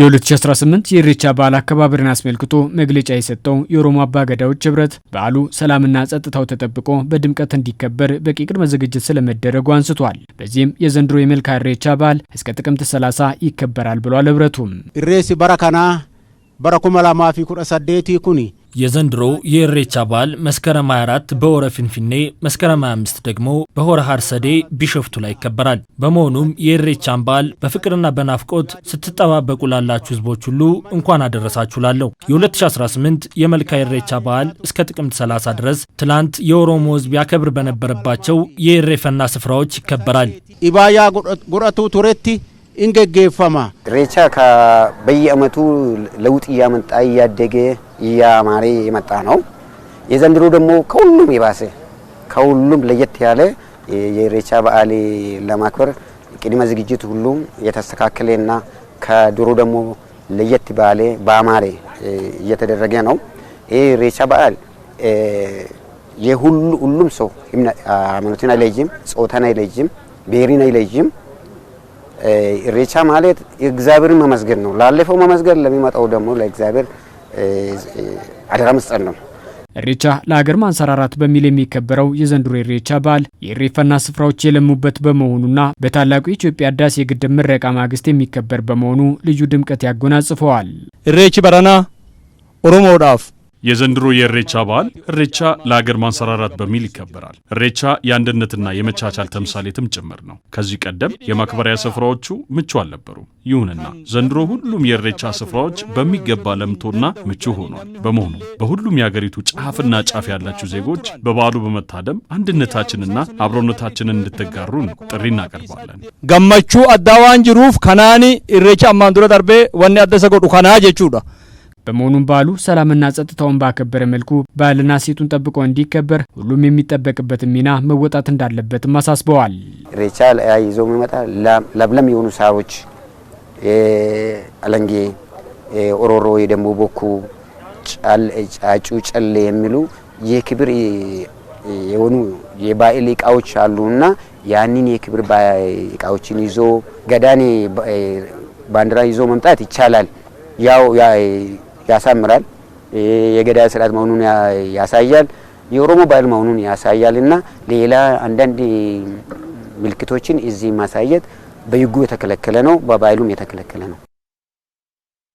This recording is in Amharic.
የ2018 የኢሬቻ በዓል አከባበርን አስመልክቶ መግለጫ የሰጠው የኦሮሞ አባገዳዎች ህብረት በዓሉ ሰላምና ጸጥታው ተጠብቆ በድምቀት እንዲከበር በቂ ቅድመ ዝግጅት ስለመደረጉ አንስቷል። በዚህም የዘንድሮ የመልካ ኢሬቻ በዓል እስከ ጥቅምት 30 ይከበራል ብሏል። ህብረቱም ኢሬሲ በረከና በረኩመላማፊ ኩረሰዴቲ ኩኒ የዘንድሮ የእሬቻ በዓል መስከረም 24 በሆረ ፊንፊኔ፣ መስከረም 25 ደግሞ በሆረ ሀርሰዴ ቢሾፍቱ ላይ ይከበራል። በመሆኑም የእሬቻን በዓል በፍቅርና በናፍቆት ስትጠባበቁ ላላችሁ ሕዝቦች ሁሉ እንኳን አደረሳችሁ ላለሁ። የ2018 የመልካ የእሬቻ በዓል እስከ ጥቅምት 30 ድረስ ትላንት የኦሮሞ ሕዝብ ያከብር በነበረባቸው የኢሬፈና ስፍራዎች ይከበራል። ኢባያ ጉረቱ ቱሬቲ እንገጌፈማ ኢሬቻ በየአመቱ ለውጥ እያመጣ እያደገ እያማረ የመጣ ነው። የዘንድሮ ደግሞ ከሁሉም የባሰ ከሁሉም ለየት ያለ የኢሬቻ በዓል ለማክበር ቅድመ ዝግጅት ሁሉም የተስተካከለና ከድሮ ደግሞ ለየት ባለ በአማረ እየተደረገ ነው። ይህ ኢሬቻ በዓል የሁሉ ሰው ሃይማኖትን አይለይም፣ ጾታን አይለይም፣ ብሔርን አይለይም። ኢሬቻ ማለት እግዚአብሔርን መመስገን ነው። ላለፈው መመስገን፣ ለሚመጣው ደግሞ ለእግዚአብሔር አደራ መስጠት ነው። ኢሬቻ ለሀገር ማንሰራራት በሚል የሚከበረው የዘንድሮ ኢሬቻ በዓል የኢሬቻና ስፍራዎች የለሙበት በመሆኑና በታላቁ የኢትዮጵያ ህዳሴ ግድብ ምረቃ ማግስት የሚከበር በመሆኑ ልዩ ድምቀት ያጎናጽፈዋል። ኢሬቺ በረና ኦሮሞዳፍ የዘንድሮ የእሬቻ በዓል እሬቻ ለአገር ማንሰራራት በሚል ይከበራል። እሬቻ የአንድነትና የመቻቻል ተምሳሌትም ጭምር ነው። ከዚህ ቀደም የማክበሪያ ስፍራዎቹ ምቹ አልነበሩም። ይሁንና ዘንድሮ ሁሉም የእሬቻ ስፍራዎች በሚገባ ለምቶና ምቹ ሆኗል። በመሆኑ በሁሉም የአገሪቱ ጫፍና ጫፍ ያላችሁ ዜጎች በበዓሉ በመታደም አንድነታችንና አብሮነታችንን እንድትጋሩን ጥሪ እናቀርባለን። ገመቹ አዳዋንጅሩፍ ከናኒ እሬቻ አማንዱረ ደርቤ ወኔ አደሰ ጎዱ ከና ጀቹዳ በመሆኑም በዓሉ ሰላምና ጸጥታውን ባከበረ መልኩ ባህልና ሴቱን ጠብቆ እንዲከበር ሁሉም የሚጠበቅበትን ሚና መወጣት እንዳለበትም አሳስበዋል። ሬቻ ይዞ የሚመጣ ለምለም የሆኑ ሳሮች፣ አለንጌ፣ ኦሮሮ፣ የደንቦ ቦኩ፣ ጫጩ፣ ጨሌ የሚሉ የክብር የሆኑ የባህል እቃዎች አሉና ያንን የክብር እቃዎችን ይዞ ገዳኔ ባንዲራ ይዞ መምጣት ይቻላል ያው ያሳምራል፣ የገዳ ስርዓት መሆኑን ያሳያል፣ የኦሮሞ ባህል መሆኑን ያሳያል እና ሌላ አንዳንድ ምልክቶችን እዚህ ማሳየት በሕጉ የተከለከለ ነው፣ በባህሉም የተከለከለ ነው።